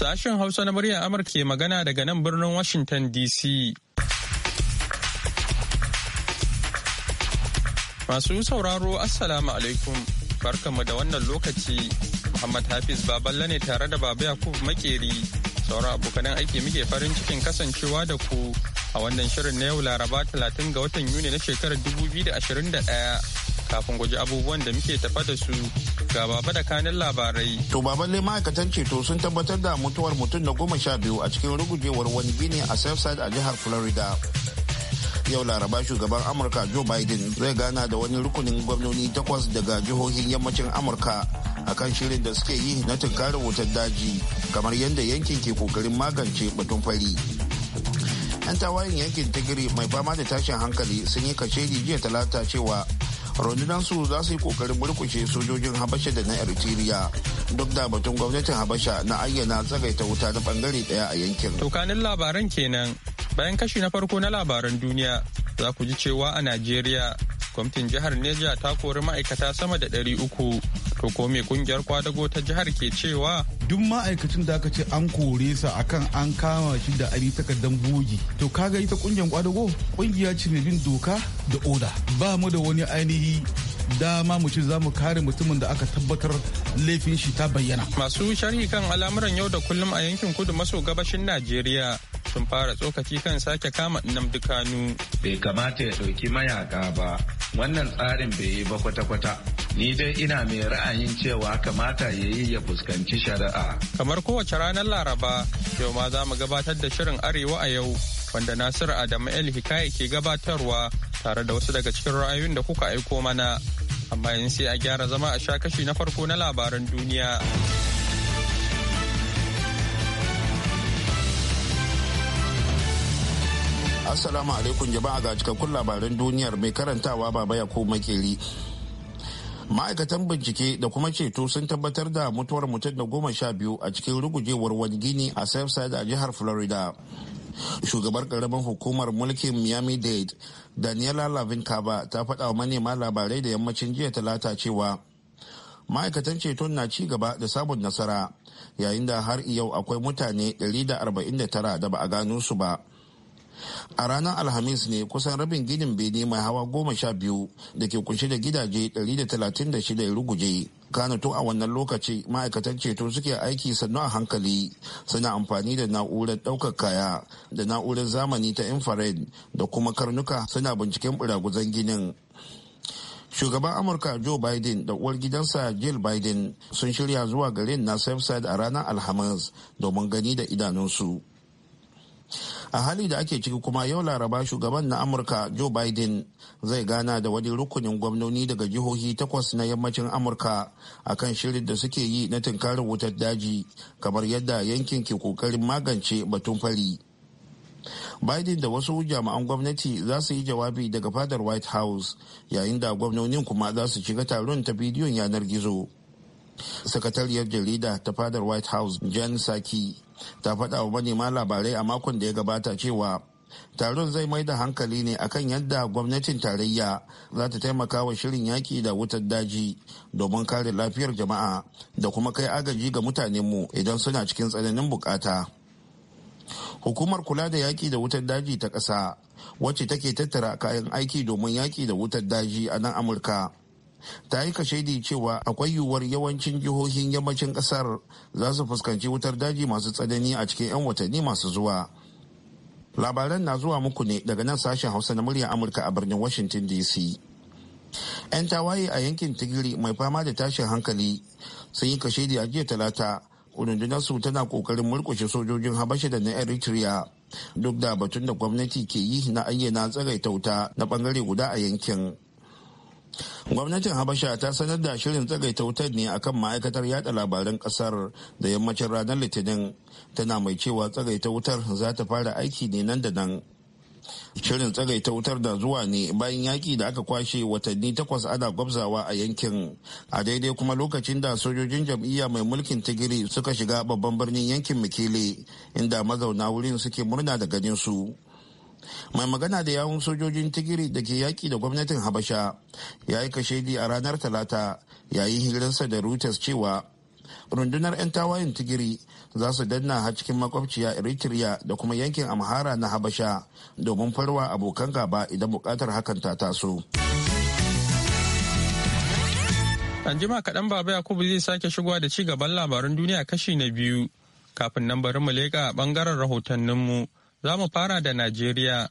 Sashen Hausa na muryar Amurka ke magana daga nan birnin Washington DC. Masu sauraro Assalamu alaikum barkanmu da wannan lokaci Muhammad Hafiz Baballa ne tare da Baba Yakub Makeri sauran abokanan aiki muke farin cikin kasancewa da ku a wannan shirin na yau Laraba 30 ga watan Yuni na shekarar 2021. kafin guji abubuwan da muke tafa da su ga baba da kanin labarai. To baban ma'aikatan ceto sun tabbatar da mutuwar mutum na goma sha biyu a cikin rugujewar wani gini a Southside a jihar Florida. Yau Laraba shugaban Amurka Joe Biden zai gana da wani rukunin gwamnoni takwas daga jihohin yammacin Amurka a kan shirin da suke yi na tunkarar wutar daji kamar yadda yankin ke kokarin magance batun fari. 'yan tawayen yankin tigiri mai fama da tashin hankali sun yi kashedi jiya talata cewa rundunansu za su yi kokarin murkushe sojojin habasha da na eritrea duk da batun gwamnatin habasha na ayyana tsagaita wuta na bangare daya a yankin tokanin labaran kenan bayan kashi na farko na labaran duniya za ku ji cewa a najeriya Gwamnatin jihar Neja ta kori ma'aikata sama da ɗari uku. To ko me kungiyar kwadago ta jihar ke cewa? Duk ma'aikacin da aka ce an kore sa akan an kama shi da ari takardar bogi. To kaga ita kungiyar kwadago kungiya ce mai bin doka da oda. Ba mu da wani ainihi dama mu ce za mu kare mutumin da aka tabbatar laifin shi ta bayyana. Masu sharhi kan al'amuran yau da kullum a yankin kudu maso gabashin Najeriya sun fara tsokaci kan sake kama Nnamdi Kanu. Bai kamata ya ɗauki mayaka ba, wannan tsarin bai yi ba kwata-kwata. Ni dai ina mai ra'ayin cewa kamata ya yi ya fuskanci shari'a. Kamar kowace ranar Laraba, yau ma za mu gabatar da shirin Arewa a yau, wanda Nasiru Adamu El Hikaya ke gabatarwa tare da wasu daga cikin ra'ayoyin da kuka aiko mana. Amma yin sai a gyara zama a sha kashi na farko na labaran duniya. Assalamu alaikum jama'a ga cikakkun labaran duniyar mai karantawa baba ya ko makeri. Ma'aikatan bincike da kuma ceto sun tabbatar da mutuwar mutum da goma sha biyu a cikin rugujewar wani gini a Southside a jihar Florida. Shugabar karamin hukumar mulkin Miami-Dade, Daniela Lavin Kaba ta faɗa wa manema labarai da yammacin jiya talata cewa ma'aikatan ceton na ci gaba da samun nasara yayin da har yau akwai mutane 149 da ba a gano su ba a ranar alhamis ne kusan rabin ginin bene mai hawa goma sha biyu da ke kunshe da gidaje 136 ruguje to a wannan lokaci ma'aikatan ceto suke aiki sannu a hankali suna amfani da na'urar ɗaukar kaya da na'urar zamani ta infrared da kuma karnuka suna binciken buraguzan ginin shugaban amurka joe biden da uwar gidansa jill biden sun shirya zuwa garin na side a ranar alhamis domin gani da idanunsu a hali da ake ciki kuma yau laraba shugaban na amurka joe biden zai gana da wani rukunin gwamnoni daga jihohi takwas na yammacin amurka a kan shirin da suke yi na tunkarin wutar daji kamar yadda yankin ke kokarin magance batun fari biden da wasu jami'an gwamnati za su yi jawabi daga fadar white house yayin da gwamnonin kuma za su shiga taron ta bidiyon yanar gizo sakatariyar jarida ta fadar white house jan saki ta faɗa wa manema labarai a makon da ya gabata cewa taron zai mai da hankali ne akan yadda gwamnatin tarayya za ta taimaka wa shirin yaki da wutar daji domin kare lafiyar jama'a da kuma kai agaji ga mutanenmu idan suna cikin tsananin bukata hukumar kula da yaki da wutar daji ta ƙasa wacce take tattara kayan aiki domin yaki da wutar daji a nan amurka ta yi shaidi cewa akwai yiwuwar yawancin jihohin yammacin kasar za su fuskanci wutar daji masu tsanani a cikin 'yan watanni masu zuwa labaran na zuwa muku ne daga nan sashen hausa na muryar amurka a birnin washington dc 'yan tawaye a yankin tigiri mai fama da tashin hankali sun yi kashedi a jiya talata su tana kokarin murkushe sojojin habasha da na eritrea duk da batun da gwamnati ke yi na ayyana wuta na bangare guda a yankin gwamnatin habasha ta sanar da shirin tsagaita wutar ne akan ma'aikatar yada labaran kasar da yammacin ranar litinin tana mai cewa tsagaita wutar za ta fara aiki ne nan da nan shirin tsagaita wutar da zuwa ne bayan yaƙi da aka kwashe watanni takwas ana gwabzawa a yankin a daidai kuma lokacin da sojojin jam'iyya mai mulkin tigiri suka shiga babban birnin yankin mikele inda mazauna wurin suke murna da ganin su mai magana da yawun sojojin tigiri da ke yaƙi da gwamnatin habasha ya yi kashedi a ranar talata yayin hirarsa da reuters cewa rundunar 'yan tawayen tigiri za su danna har cikin makwabciya eritrea da kuma yankin amhara na habasha domin farwa abokan gaba idan bukatar hakan ta taso anjima kaɗan baba yakubu zai sake shigowa da ci gaban labarin duniya kashi na biyu kafin nan bari mu leƙa ɓangaren rahotanninmu Za mu fara da Najeriya.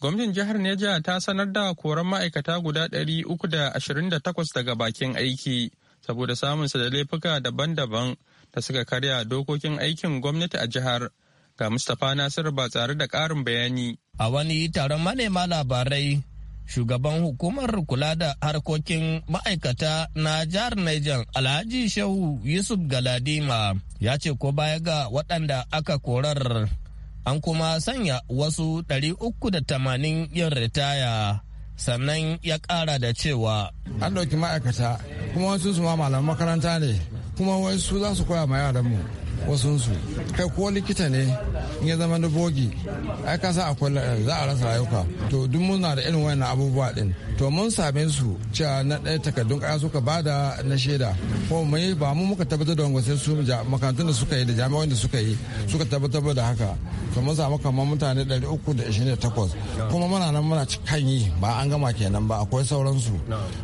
Gwamnatin jihar Neja ta sanar da koran ma'aikata guda 328 daga bakin aiki saboda samunsa da laifuka daban-daban da suka karya dokokin aikin gwamnati a jihar. Ga Mustapha Nasir ba tsare da ƙarin bayani. A wani taron manema labarai, shugaban hukumar kula da harkokin ma'aikata na jihar Niger Alhaji Shehu Yusuf Galadima ya ce ko baya ga waɗanda aka korar an kuma sanya wasu 380 yin ritaya sannan ya kara da cewa an ɗauki ma'aikata kuma wasu su ma malaman makaranta ne kuma wasu za su koya ma yaranmu wasunsu kai ko likita ne in ya zama na bogi ai ka sa akwai za a rasa rayuka to duk muna da irin wannan abubuwa din to mun same su cewa na ɗaya takardun kaya suka bada na shaida ko mai ba mu muka tabbatar da wangwasai su makarantun da suka yi da jami'an da suka yi suka tabbatar da haka to mun samu kamar mutane 328 kuma muna nan muna cikan yi ba an gama kenan ba akwai sauransu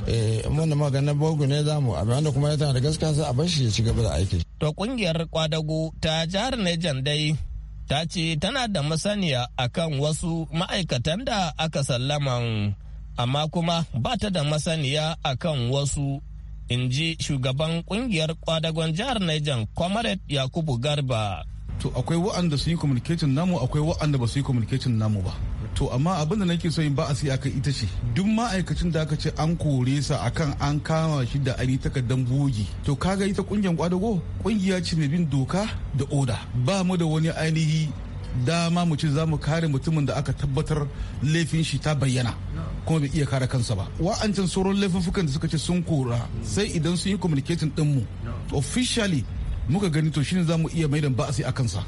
eh mun da maganin bogi ne zamu abin da kuma ya tana da gaskiya sai a bar shi ya ci gaba da aiki To kungiyar kwadago ta jihar Nijan dai ta ce tana da masaniya akan wasu ma'aikatan da aka sallama amma kuma ba ta da masaniya akan wasu in ji shugaban kungiyar kwadagon jihar Nijan Comrade Yakubu Garba. To akwai wa'anda su yi communication namu akwai wa'anda ba su yi communication namu ba. to amma abin da nake so in ba a sai aka ita ce duk ma'aikacin da aka ce an kore sa akan an kama shi da ari takardan bogi to kaga ita kungiyar kwadago kungiya ce mai bin doka da oda ba mu da wani ainihi dama mu ce za mu kare mutumin da aka tabbatar laifin shi ta bayyana kuma bai iya kare kansa ba wa'ancan sauran laifuffukan da suka ce sun kora sai idan sun yi communicating din mu officially muka gani to shine zamu iya maidan ba'asi a kansa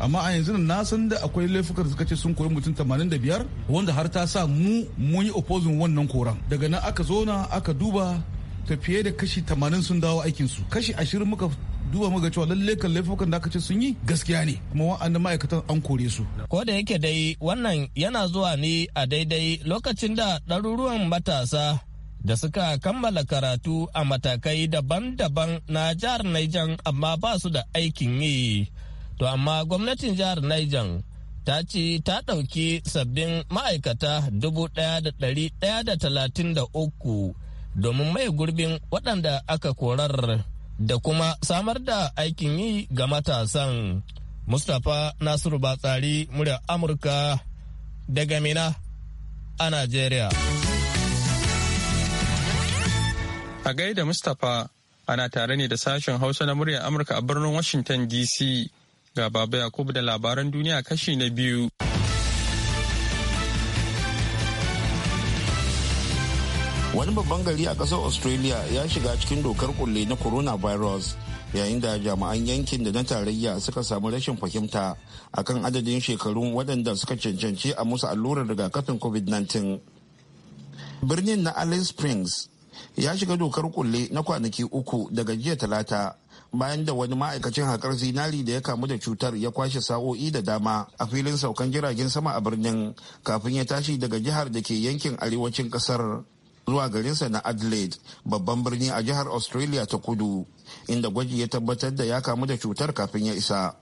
amma a yanzu na san da akwai laifukan da suka ce sun koyi mutum 85 wanda har ta sa mu mun yi opposing wannan koran daga nan aka zona aka duba ta fiye da kashi 80 sun dawo aikin su kashi 20 muka duba muga cewa lalle kan laifukan da aka ce sun yi gaskiya ne kuma wa'annan ma'aikatan an kore su. Ko da yake dai wannan yana zuwa ne a daidai lokacin da ɗaruruwan matasa da suka kammala karatu a matakai daban-daban na jihar Niger amma ba su da aikin yi. To amma gwamnatin jihar Niger ta ce ta ɗauki sabbin ma'aikata dubu ɗaya da da talatin uku domin mai gurbin waɗanda aka korar da kuma samar da aikin yi ga matasan. Mustapha Nasiru Batsari, murya Amurka daga Mina a Najeriya. A gaida Mustapha ana tare ne da sashen Hausa na muryar Amurka a birnin Washington DC ga Baba Yakubu da labaran duniya kashi na biyu. Wani babban gari a ƙasar Australia ya shiga cikin dokar kulle na coronavirus yayin da jami'an yankin da na tarayya suka samu rashin fahimta akan adadin shekarun waɗanda suka cancanci a musu allurar rigakafin covid-19. Birnin na Alice Springs ya shiga dokar kulle na kwanaki uku daga jiya talata bayan da wani ma'aikacin haƙar zinari da ya kamu da cutar ya kwashe sa'o'i da dama a filin saukan jiragen sama a birnin kafin ya tashi daga jihar da ke yankin arewacin ƙasar zuwa garinsa na adelaide babban birni a jihar australia ta kudu inda gwaji ya tabbatar da ya kamu da cutar kafin ya isa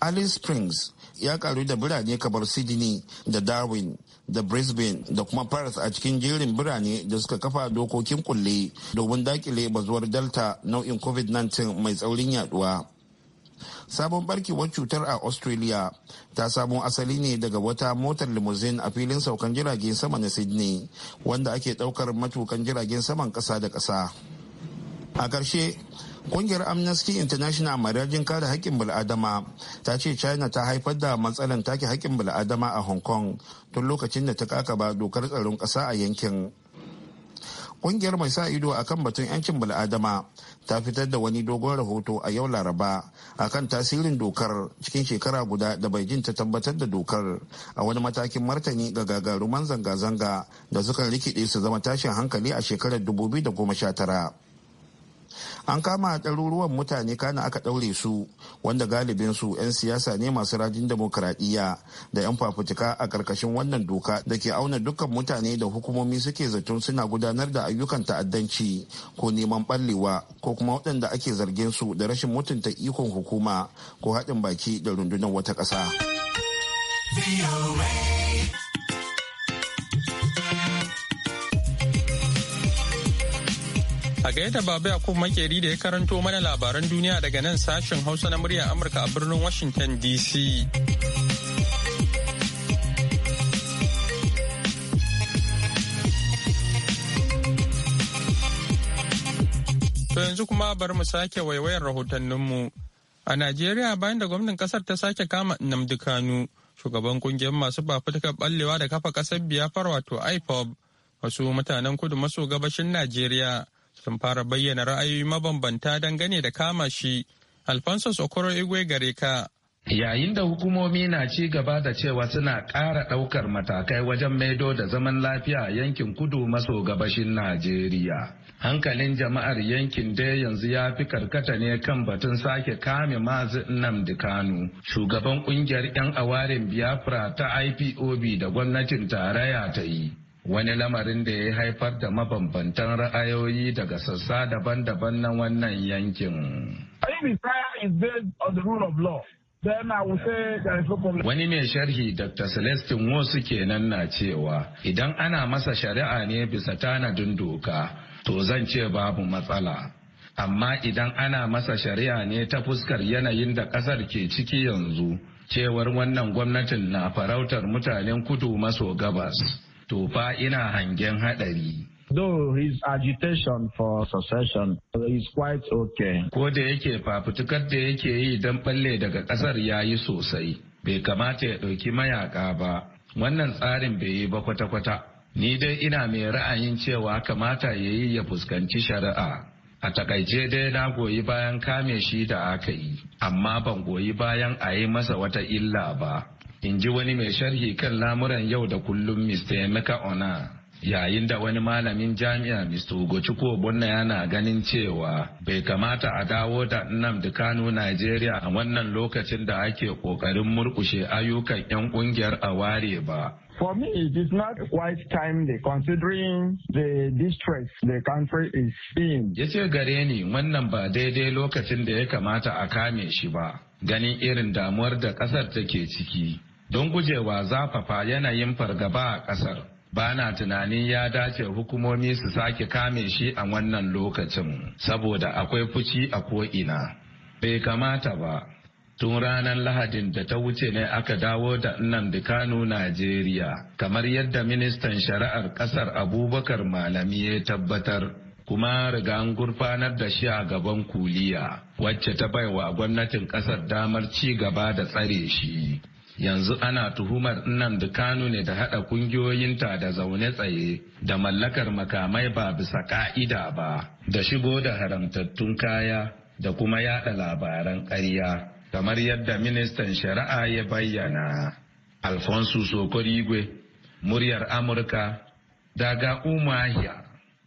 alice springs ya karu da birane kamar sydney da darwin da brisbane da kuma paris a cikin jerin birane da suka kafa dokokin kulle domin dakile bazuwar delta nau'in covid-19 mai tsaurin yaduwa sabon barkewar cutar a australia ta samo asali ne daga wata motar limousine a filin saukan jiragen sama na sydney wanda ake daukar matukan jiragen saman kasa da kasa a ƙarshe Kungiyar Amnesty International mai rajin kare haƙƙin bil'adama ta ce China ta haifar da matsalan take haƙƙin bil'adama a Hong Kong tun lokacin da ta kakaba dokar tsaron ƙasa a yankin. Kungiyar mai sa ido akan batun 'yancin bil'adama ta fitar da wani dogon rahoto a yau Laraba akan tasirin dokar cikin shekara guda da Beijing ta tabbatar da dokar a wani matakin martani ga gagaruman zanga-zanga da suka rikide su zama tashin hankali a shekarar 2019. an kama ɗaruruwan mutane kana aka ɗaure su wanda galibinsu 'yan siyasa ne masu rajin demokuraɗiyya da 'yan fafutuka a ƙarƙashin wannan doka da ke auna dukkan mutane da hukumomi suke zaton suna gudanar da ayyukan ta'addanci ko neman ɓallewa ko kuma waɗanda ake zargin su da rashin mutunta ikon hukuma ko haɗin baki da rundunar wata ƙasa. A babu Baba Yakub Makeri da ya karanto mana labaran duniya daga nan sashen Hausa na murya Amurka a birnin Washington DC. To yanzu kuma bari mu sake waiwayar rahotanninmu. A Najeriya bayan da gwamnan kasar ta sake kama Nnamdi Kanu, shugaban kungiyar masu fafutukar ballewa da kafa kasar biyafar wato IPOB, wasu mutanen kudu maso gabashin Najeriya sun fara bayyana ra'ayoyi mabambanta dangane da kama shi alphonsus okoro igwe gare ka Yayin da hukumomi na ci gaba da cewa suna ƙara ɗaukar matakai wajen maido da zaman lafiya a yankin kudu maso gabashin Najeriya. Hankalin jama'ar yankin dai yanzu ya fi karkata ne kan batun sake kame mazi Nnamdi Kanu, shugaban kungiyar 'yan awarin Biafra ta IPOB da gwamnatin tarayya ta yi. wani lamarin da ya haifar da mabambantan ra'ayoyi daga sassa daban-daban na wannan yankin. Wani mai sharhi Dr. Celestin Wosu kenan na cewa idan ana masa shari'a ne bisa tanadin doka to zan ce babu matsala. Amma idan ana masa shari'a ne ta fuskar yanayin da ƙasar ke ciki yanzu, cewar wannan gwamnatin na farautar mutanen kudu maso gabas. Tofa ina hangen haɗari. Though his agitation for secession is quite okay. Ko da yake fafutukar da yake yi don ɓalle daga ƙasar ya yi sosai, bai kamata ya ɗauki mayaka ba, wannan tsarin bai yi ba kwata-kwata. Ni dai ina mai ra'ayin cewa kamata ya yi ya fuskanci shari'a. A takaice dai na goyi bayan kame shi da aka yi, amma ban goyi bayan a yi masa wata illa ba. in ji wani mai sharhi kan lamuran yau da kullum Mr. Emeka Ona. yayin da wani malamin jami'a Mr. Ugochukwu Ogbonna yana ganin cewa bai kamata a dawo da Nnamdi Kanu Najeriya a wannan lokacin da ake kokarin murkushe ayyukan 'yan kungiyar aware ba. For me, it is not quite timely considering the distress the country is in. Ya ce gare ni wannan ba daidai lokacin da ya kamata a kame shi ba, ganin irin damuwar da ƙasar take ciki. don gujewa zafafa yanayin fargaba a ƙasar. ba na tunanin ya dace hukumomi su sake kame shi a wannan lokacin saboda akwai fuci a ko'ina bai kamata ba tun ranar lahadin da ta wuce ne aka dawo da nnamdi kano najeriya kamar yadda ministan shari'ar kasar abubakar malami ya tabbatar kuma riga an gurfanar da shi a gaban kuliya wacce ta baiwa gwamnatin kasar damar ci gaba da tsare shi yanzu ana tuhumar nan da Kanu ne da haɗa kungiyoyinta da zaune tsaye da mallakar makamai ba bisa ka'ida ba da shigo da haramtattun kaya da kuma yada labaran karya kamar yadda ministan shari'a ya bayyana. Alfonso Sokorigwe, muryar Amurka, daga Umahia,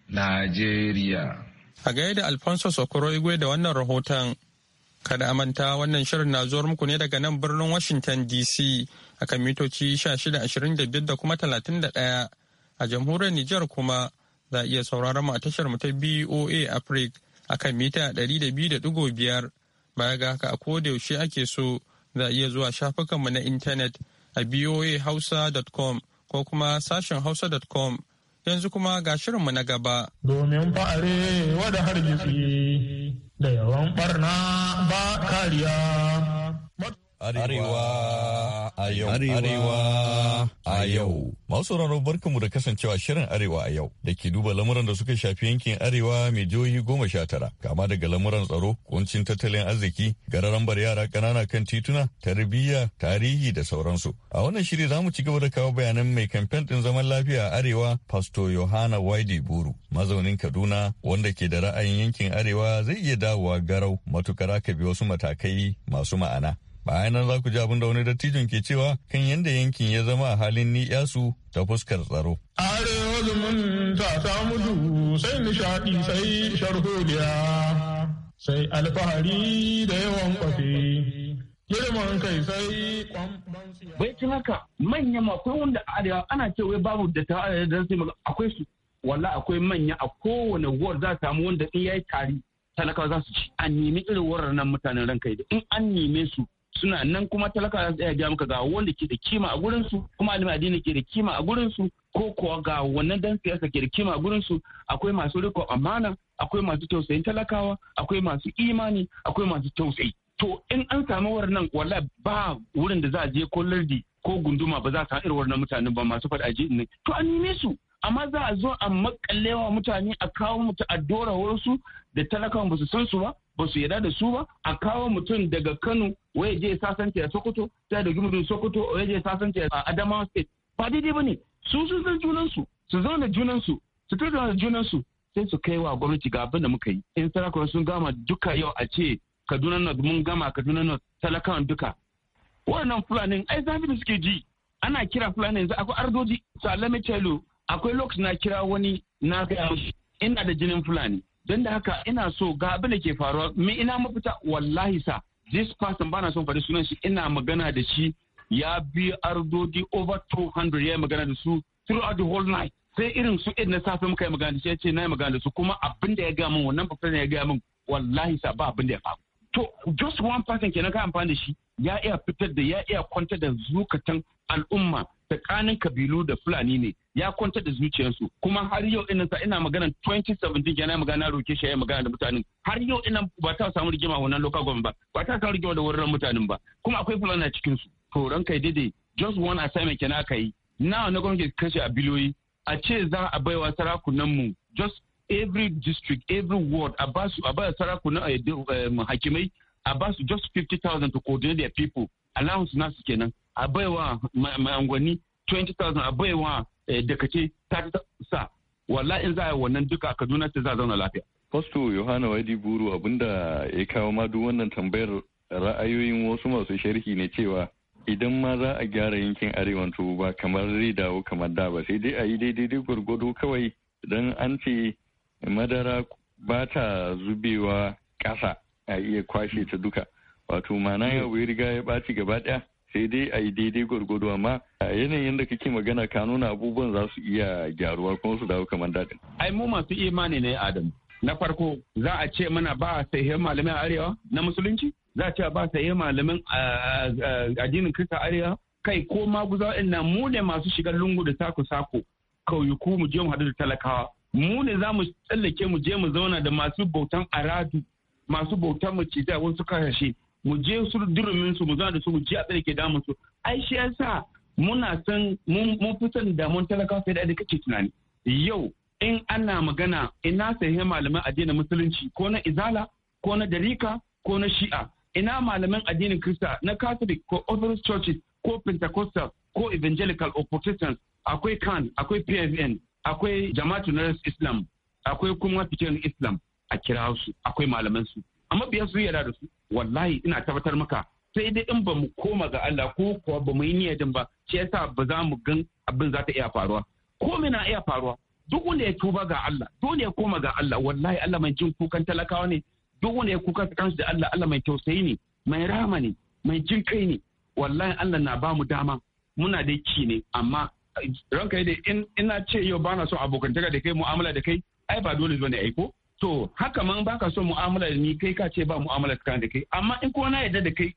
Najeriya. A gaida Alfonso Sokorigwe da wannan rahoton Kada manta wannan shirin na zuwar muku ne daga nan birnin Washington DC a kan mitoci 1625 da kuma 31 a jamhuriyar Nijar kuma za a iya sauraron mu a tashar mu ta BOA Africa a kan mita 200.5 baya ga haka a koda yaushe ake so za a iya zuwa shafukanmu na intanet a boahausa.com ko kuma sashen hausa.com yanzu kuma ga shirinmu na gaba. Domin fa'are wada hargitsi da yawan barna ba kariya. Arewa. a yau. Arewa a yau. Masu rano barkanmu da kasancewa shirin Arewa a yau da ke duba lamuran da suka shafi yankin Arewa mai jihohi goma sha tara. Kama daga lamuran tsaro, kuncin tattalin arziki, gararan bar yara ƙanana kan tituna, tarbiyya, tarihi da sauransu. A wannan shiri za mu ci gaba da kawo bayanan mai kamfen ɗin zaman lafiya a Arewa, Pasto Yohana Waidi Buru, mazaunin Kaduna wanda ke da ra'ayin yankin Arewa zai iya dawowa garau matukar aka bi wasu matakai masu ma'ana. bayan za ku ji abin da wani dattijon ke cewa kan yadda yankin ya zama a halin su ta fuskar tsaro. Arewa zumunta ta mudu sai nishaɗi sai sharholiya sai alfahari da yawan girman kai sai bai haka ma akwai wanda a arewa ana ce wai babu da ta arewa da zai akwai su walla akwai manya a kowane war za samu wanda in yayi tari talakawa za su ci an nemi irin warar nan mutanen ranka da in an neme su suna nan kuma talaka za su iya biya maka ga wanda ke da kima a gurinsu kuma alimin addini ke da kima a gurinsu ko kuwa ga wannan dan siyasa ke da kima a gurinsu akwai masu riko amana akwai masu tausayin talakawa akwai masu imani akwai masu tausayi to in an samu wannan wala ba wurin da za a je ko lardi ko gunduma ba za a irin na mutanen ba masu faɗa ji ne to an nime su amma za a zo a makallewa mutane a kawo mutu a dora wasu da talakawa ba su san su ba ba su yarda da su ba a kawo mutum daga kano waye je sasanta a sokoto ta da mutum sokoto waye je sasanci a adamawa state ba daidai ba ne su sun san junansu su zauna junansu su tattauna da junansu sai su kai wa gwamnati ga abin da muka yi in sarakuna sun gama duka yau a ce kaduna north mun gama kaduna north talakawan duka wannan fulani ai zafi da suke ji ana kira fulani yanzu akwai ardoji su alame akwai lokacin na kira wani na gaya ina da jinin fulani don da haka ina so ga abin da ke faruwa me ina mafita wallahi sa this person bana son faɗi sunan shi ina magana da shi ya bi ardodi over 200 ya yi magana da su throughout the whole night sai irin su irin na safe muka yi magana da shi ya ce na yi magana da su kuma abin da ya gaya min wannan professor ya gaya min wallahi sa ba abin da ya faru to just one person kenan ka amfani da shi ya iya fitar da ya iya kwantar da zukatan al'umma tsakanin kabilu da fulani ne ya kwanta da zuciyarsu kuma har yau ina sa ina magana 2017 yana magana roke shi ya magana da mutanen har yau ina ba ta samu rigima wannan local government ba ba ta samu rigima da wurin mutanen ba kuma akwai fulani a cikin su to ran ranka daidai just one assignment kenan aka yi na na gwamnati kashe a biloyi a ce za a baiwa sarakunan mu just every district every ward a ba su a ba sarakunan mu eh, eh, hakimai a ba su just 50,000 to coordinate their people allowance nasu kenan a baiwa ma'angwani 20,000 a baiwa eh, dakace ta sa walla in za a wannan duka a kaduna ce za a zauna lafiya. Fasto Yohana Wadi Buru abinda ya kawo ma duk wannan tambayar ra'ayoyin wasu masu sharhi ne cewa idan ma za a gyara yankin arewan tubu ba kamar zai dawo kamar da ba sai dai a yi daidai gwargwado kawai don an ce madara ba ta zubewa kasa a iya kwashe ta duka wato mana ya riga ya ɓaci gaba ɗaya sai dai a yi daidai gwargwado amma a yanayin da kake magana ka nuna abubuwan za su iya gyaruwa kuma su dawo kamar daɗin. ai mu masu imani ne adam na farko za a ce mana ba malamai a arewa na musulunci za a ce ba sahihin malamin addinin kirista arewa kai ko maguza ina mu ne masu shiga lungu da sako sako kauyuku mu je mu hadu da talakawa mu ne za mu tsallake mu je mu zauna da masu bautan aradu masu bautan macizai wasu kasashe mu je su durumin su mu zana da su mu je a da ke damun su ai shi yasa muna san mun fi da damun talakawa sai da yadda kake tunani yau in ana magana ina sai malaman addinin musulunci ko na izala ko na darika ko na shi'a ina malaman addinin krista na catholic ko orthodox churches ko pentecostal ko evangelical or protestant akwai kan akwai pfn akwai jama'atu na islam akwai kuma fitan islam a kira su akwai malaman su amma biyan su yana da su wallahi ina tabbatar maka sai dai in ba mu koma ga Allah ko kuwa ba mu yi niyyadin ba shi yasa ba za mu gan abin za ta iya faruwa ko na iya faruwa duk wanda ya tuba ga Allah dole ya koma ga Allah wallahi Allah mai jin kukan talakawa ne duk wanda ya kuka kansu da Allah Allah mai tausayi ne mai rama ne mai jin kai ne wallahi Allah na ba mu dama muna da ki ne amma ranka dai in ina ce yau bana so abokantaka da kai mu'amala da kai ai ba dole ne ai ko to haka man baka so mu'amala da ni kai ka ce ba mu'amala tsakanin da kai amma in ko na yadda da kai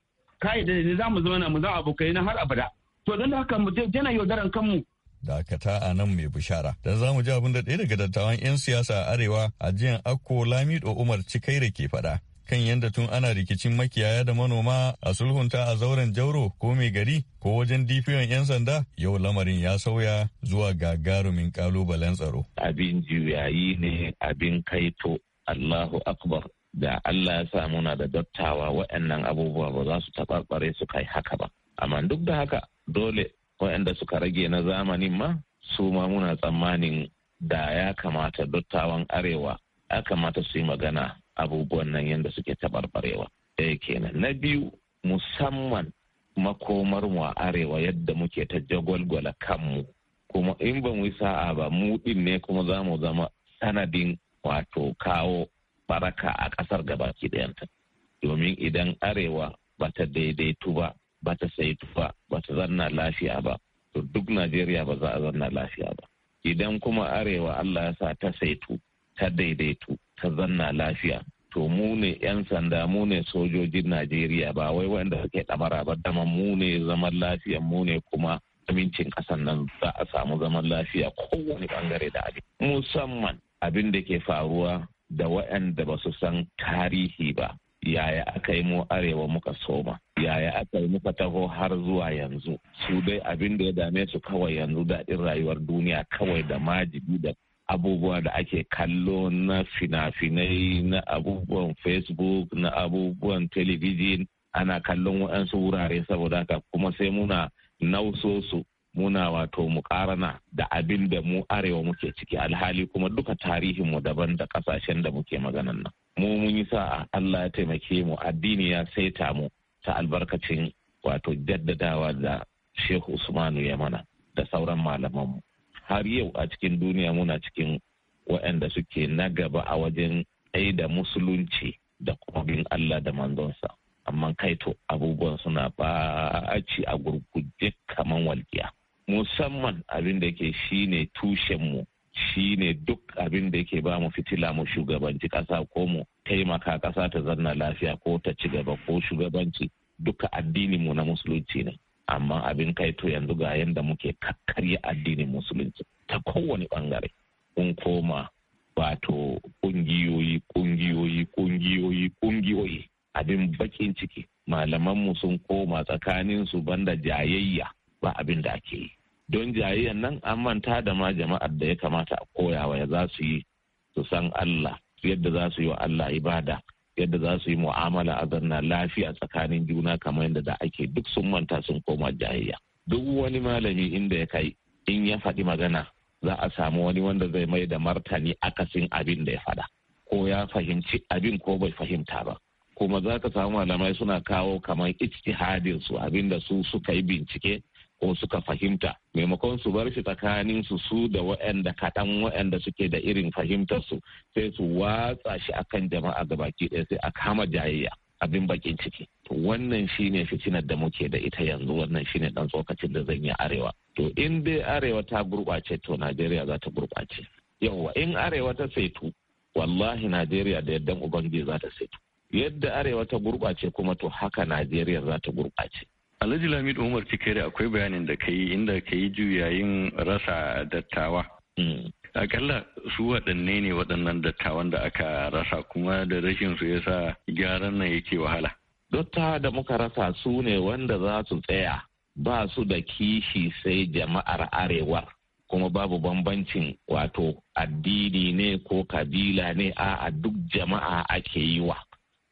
ka yadda da ni za mu zama mu zama abokai na har abada to don haka mu je yana yaudaran kanmu dakata a nan mai bishara da za mu ji abin da ɗaya daga dattawan 'yan siyasa a arewa a jiyan akko lamido umar cikaire ke faɗa kan yadda tun ana rikicin makiyaya da manoma a sulhunta a zauren jauro ko mai gari ko wajen difiyon 'yan sanda yau lamarin ya sauya zuwa gagarumin kalubalen tsaro. Abin juyayi ne abin kaito Allahu Akbar da Allah ya sa muna da dattawa wa'annan abubuwa ba za su taɓarɓare su kai haka ba. Amma duk da haka dole waɗanda suka rage na zamanin ma su ma muna tsammanin da ya kamata dattawan arewa ya kamata su yi magana abubuwan nan yadda suke taɓarɓarewa. Ɗaya eh, kenan. Na biyu musamman makomar mu a arewa yadda muke ta jagwalgwala kanmu kuma in ba mu yi sa'a ba mu din ne kuma za mu zama sanadin wato kawo baraka a ƙasar gabaki ɗayanta. Domin idan arewa ba ta daidaitu ba, ba ta saitu ba, ba ta zanna lafiya ba, to duk Najeriya ba za a zanna lafiya ba. Idan kuma arewa Allah ya sa ta saitu, ta daidaitu, ta zanna lafiya to mu ne 'yan sanda mu ne sojojin najeriya ba wai wanda suke damara ba dama mu ne zaman lafiya mu ne kuma amincin kasan nan za a samu zaman lafiya kowane bangare da abin musamman abin da ke faruwa da waɗanda ba su san tarihi ba yaya aka yi mu arewa muka soma yaya aka yi muka taho har zuwa yanzu su dai abin da ya dame su kawai yanzu daɗin rayuwar duniya kawai da majibi da abubuwa da ake kallo na fina-finai na abubuwan facebook na abubuwan telebijin ana kallon waɗansu wurare saboda haka kuma sai muna nausosu muna wato mu karana da abin da mu arewa muke ciki alhali kuma duka tarihinmu daban da ƙasashen da muke maganan nan mu mun yi sa'a Allah ya taimake mu addini ya saita mu ta albarkacin wato jaddadawa da Shehu Usmanu ya mana da sauran malamanmu har yau a cikin duniya muna cikin waɗanda suke na gaba a wajen da musulunci da kuma bin Allah da manzonsa amma kai to abubuwan suna ɓaci a gurguje kaman walƙiya musamman abin da yake shine tushenmu shine duk abin da yake ba mu fitila mu shugabanci ƙasa ko mu taimaka ƙasa ta zanna lafiya ko ta ci gaba ko shugabanci duka addini mu na musulunci ne amma abin kai to yanzu ga yadda muke kakkarya addinin musulunci ta kowane bangare kun koma wato kungiyoyi kungiyoyi kungiyoyi kungiyoyi abin bakin ciki malamanmu sun koma tsakanin su banda jayayya ba abin da ake yi don jayayyan nan an manta da ma jama'ar da ya kamata a koyawa ya za su yi su san Allah yadda za su yi wa Allah ibada yadda za su yi mu'amala a zanna lafiya tsakanin juna kamar yadda da ake duk sun manta sun koma jayayya duk wani malami inda ya kai in ya faɗi magana za a samu wani wanda zai mai da martani akasin abin da ya faɗa ko ya fahimci abin ko bai fahimta ba kuma za ka samu malamai suna kawo kamar ijtihadin su abin da su suka yi bincike ko suka fahimta maimakon su bar shi tsakanin su su da waɗanda kaɗan waɗanda suke da irin fahimtar su sai su watsa shi akan jama'a ga baki ɗaya sai a kama jayayya abin bakin ciki wannan shine fitinar da muke da ita yanzu wannan shine dan tsokacin da zan yi arewa to in dai arewa ta gurɓace to najeriya za ta gurɓace yawwa in arewa ta saitu wallahi najeriya da yaddan ubangiji za ta saitu yadda arewa ta gurɓace kuma to haka najeriya za ta gurɓace Alhaji Lamidu Umar Cikere akwai bayanin da ka yi inda ka yi juyayin rasa dattawa. Mm. Akalla su waɗanne ne waɗannan dattawan da aka rasa kuma da rashin su yasa gyaran nan yake wahala. Dotta da muka rasa su ne wanda za su tsaya ba su da kishi sai jama'ar arewar kuma babu bambancin wato addini ne ko kabila ne a duk jama'a ake yi wa.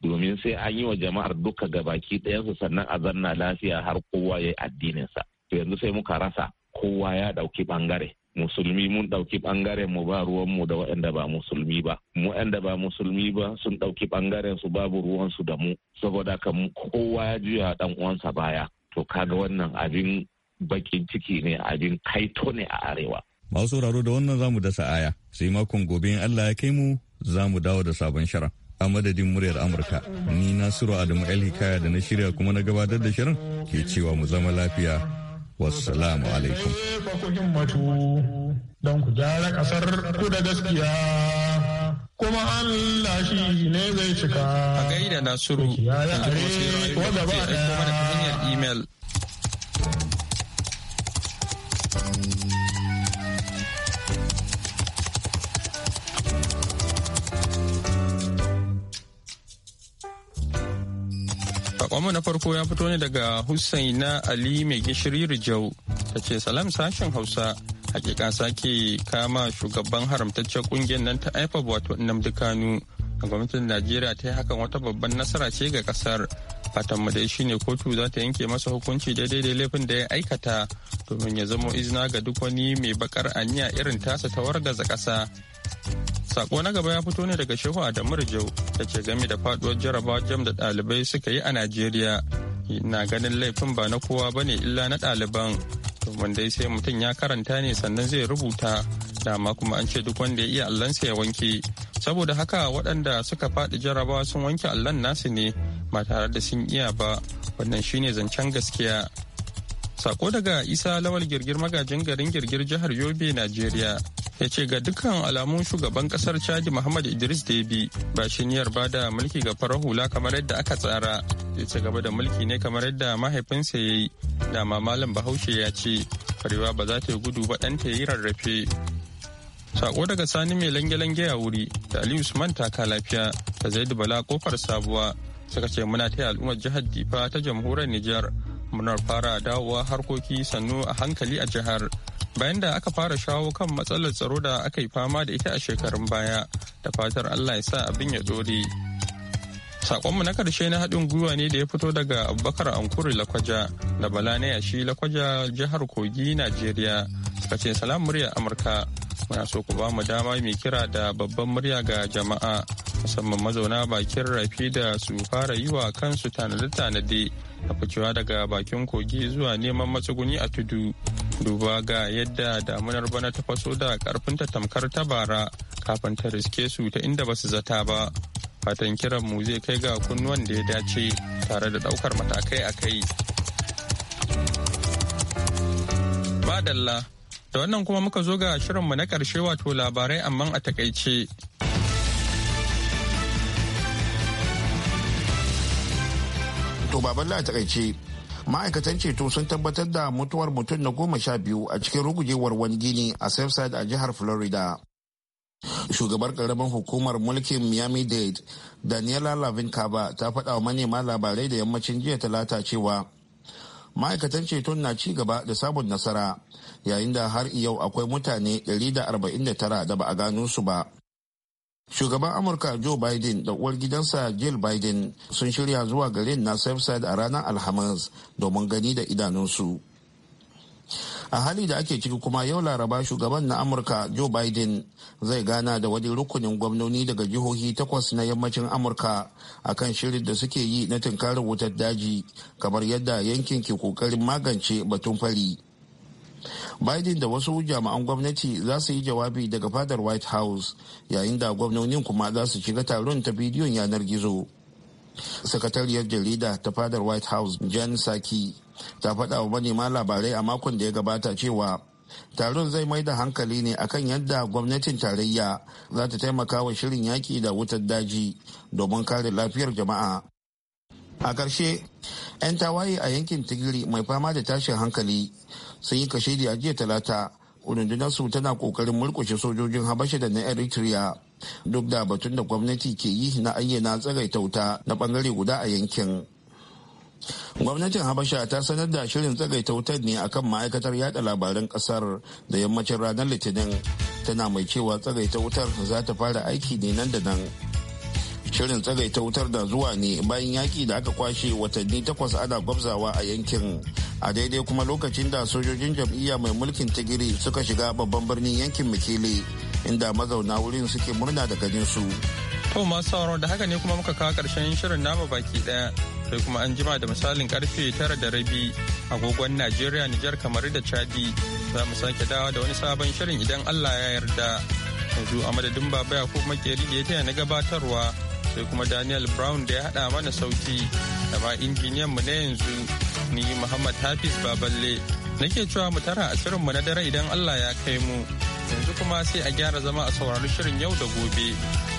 domin sai an yi wa jama'ar duka gabaki ɗayansu sannan a zanna lafiya har kowa ya yi addininsa to yanzu sai muka rasa kowa ya ɗauki ɓangare musulmi mun ɗauki ɓangaren mu ba ruwanmu da waɗanda ba musulmi ba mu waɗanda ba musulmi ba sun ɗauki ɓangaren su babu ruwansu da mu saboda ka kowa ya juya ɗan uwansa baya to kaga wannan abin bakin ciki ne abin kaito ne a arewa masu sauraro da wannan zamu dasa aya sai makon gobe in Allah ya kai mu zamu dawo da sabon shara a madadin muryar amurka ni nasiru adamu el hikaya da na shirya kuma na gabatar da shirin ke cewa mu zama lafiya wassalamu alaikum don ku gyara kasar ku da gaskiya kuma Allah shi ne zai cika a gaida nasiru kuma rayuwa da ta aiko hanyar email mu na farko ya fito ne daga Hussaina Ali mai gishiri Rijau ta ce salam sashen Hausa hakika sake kama shugaban haramtaccen kungiyar nan ta IFAB wato Nnamdi Kanu a gwamnatin Najeriya ta yi hakan wata babban nasara ce ga kasar fatan mu dai shine kotu za ta yanke masa hukunci daidai da laifin da ya aikata domin ya zama izina ga duk wani mai bakar aniya irin tasa ta wargaza kasa Sako na gaba ya fito ne daga Shehu Adamu Rijau da ke game da faduwar jarabawar jam da ɗalibai suka yi a Najeriya. Na ganin laifin ba na kowa bane illa na ɗaliban. Domin dai sai mutum ya karanta ne sannan zai rubuta. Dama kuma an ce duk wanda ya iya allansa ya wanke. Saboda haka waɗanda suka faɗi jarabawa sun wanke allan nasu ne ba tare da sun iya ba. Wannan shine zancen gaskiya. Sako daga Isa Lawal Girgir magajin garin Girgir jihar Yobe, Najeriya. ya ce ga dukkan alamun shugaban kasar caji muhammad idris debi ba shi niyyar ba da mulki ga farar hula kamar yadda aka tsara ya ci gaba da mulki ne kamar yadda mahaifinsa ya yi da malam bahaushe ya ce farewa ba za ta yi gudu ba ɗanta ya yi rarrafe sako daga sani mai lange-lange a wuri da ali usman taka lafiya da zaidu bala kofar sabuwa suka ce muna taya al'ummar jihar difa ta jamhuriyar nijar muna fara dawowa harkoki sannu a hankali a jihar bayan da aka fara shawo kan matsalar tsaro da aka yi fama da ita a shekarun baya da fatar allah ya sa abin ya dore sakonmu na karshe na haɗin gwiwa ne da ya fito daga abubakar ankuri lakwaja da bala na yashi lakwaja jihar kogi najeriya suka ce salam murya amurka muna so ku ba mu dama mai kira da babban murya ga jama'a musamman mazauna bakin rafi da su fara yi wa kansu tanade-tanade a ficewa daga bakin kogi zuwa neman matsuguni a tudu duba ga yadda damunar bana ta faso da karfinta tamkar ta bara kafin ta riske su ta inda ba su zata ba fatan kiran mu zai kai ga kunnuwan da ya dace tare da daukar matakai a kai madalla da wannan kuma muka zo ga shirinmu na ƙarshe wato labarai amma a takaice To baban la takaice ma'aikatan ceto sun tabbatar da mutuwar mutum na goma sha biyu a cikin rugujewar wani gini a Surfside a jihar Florida. Shugabar karamin hukumar mulkin Miami-Dade, Daniela Lavin Kaba ta faɗa wa manema labarai da yammacin jiya talata cewa ma'aikatan ceto na ci gaba da samun nasara yayin da har yau akwai mutane 149 da ba a gano su ba Shugaban Amurka Joe Biden da uwar gidansa Jill Biden sun shirya zuwa garin na Surfside a ranar Alhamis domin gani da idanunsu. a hali da ake ciki kuma yau laraba shugaban na amurka joe biden zai gana da wani rukunin gwamnoni daga jihohi takwas na yammacin amurka a kan shirin da suke yi na tunkarar wutar daji kamar yadda yankin ke ƙoƙarin magance batun fari biden da wasu jami'an gwamnati za su yi jawabi daga fadar white house yayin da gwamnonin kuma za su shiga taron ta bidiyon yanar gizo sakatariyar jarida ta fadar white house jen saki ta faɗa wa manema labarai a makon da ya gabata cewa taron zai mai da hankali ne akan yadda gwamnatin tarayya za ta taimaka wa shirin yaki da wutar daji domin kare lafiyar jama'a a ƙarshe 'yan tawaye a yankin tigiri mai fama da tashin hankali sun yi kashe a jiya talata su tana kokarin murkushe sojojin habasha da na eritrea duk da batun da gwamnati ke yi na ayyana tsagaita wuta na bangare guda a yankin gwamnatin habasha ta sanar da shirin tsagaita tautar ne akan ma'aikatar yada labaran kasar da yammacin ranar litinin tana mai cewa tsagaita wutar za ta fara aiki ne nan da nan shirin tsagaita wutar da zuwa ne bayan yaki da aka kwashe watanni takwas ana gwabzawa a yankin a daidai kuma lokacin da sojojin jam'iyya mai mulkin tigiri suka shiga babban birnin yankin mikele inda mazauna wurin suke murna da ganin su to masu sauraro da haka ne kuma muka kawo karshen shirin nama baki daya sai kuma an jima da misalin karfe tara da rabi agogon najeriya nijar kamar da chadi za mu sake dawa da wani sabon shirin idan allah ya yarda yanzu a madadin baba ya makeri da ya taya na gabatarwa sai kuma Daniel Brown da ya haɗa mana sauti da ma injiniyan mu na yanzu ni Muhammad Hafiz Baballe nake cewa mu tara a mu na dare idan Allah ya kai mu yanzu kuma sai a gyara zama a saurari shirin yau da gobe.